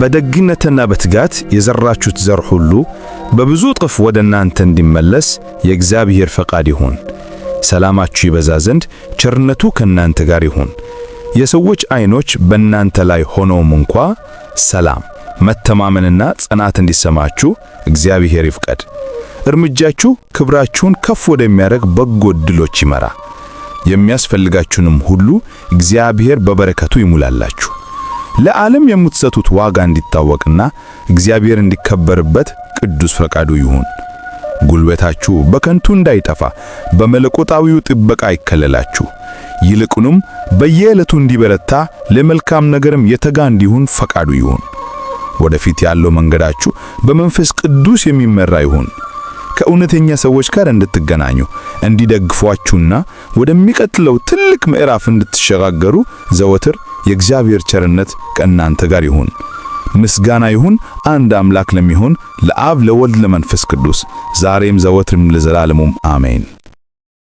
በደግነትና በትጋት የዘራችሁት ዘር ሁሉ በብዙ እጥፍ ወደ እናንተ እንዲመለስ የእግዚአብሔር ፈቃድ ይሁን። ሰላማችሁ ይበዛ ዘንድ ቸርነቱ ከእናንተ ጋር ይሁን። የሰዎች አይኖች በእናንተ ላይ ሆነውም እንኳ ሰላም፣ መተማመንና ጽናት እንዲሰማችሁ እግዚአብሔር ይፍቀድ። እርምጃችሁ ክብራችሁን ከፍ ወደሚያደርግ በጎ ዕድሎች ይመራ። የሚያስፈልጋችሁንም ሁሉ እግዚአብሔር በበረከቱ ይሙላላችሁ። ለዓለም የምትሰጡት ዋጋ እንዲታወቅና እግዚአብሔር እንዲከበርበት ቅዱስ ፈቃዱ ይሁን። ጉልበታችሁ በከንቱ እንዳይጠፋ በመለኮታዊው ጥበቃ ይከለላችሁ። ይልቁንም በየዕለቱ እንዲበረታ ለመልካም ነገርም የተጋ እንዲሆን ፈቃዱ ይሁን። ወደፊት ያለው መንገዳችሁ በመንፈስ ቅዱስ የሚመራ ይሁን። ከእውነተኛ ሰዎች ጋር እንድትገናኙ እንዲደግፏችሁና ወደሚቀጥለው ትልቅ ምዕራፍ እንድትሸጋገሩ ዘወትር የእግዚአብሔር ቸርነት ከእናንተ ጋር ይሁን። ምስጋና ይሁን አንድ አምላክ ለሚሆን ለአብ ለወልድ ለመንፈስ ቅዱስ ዛሬም ዘወትርም ለዘላለሙም አሜን።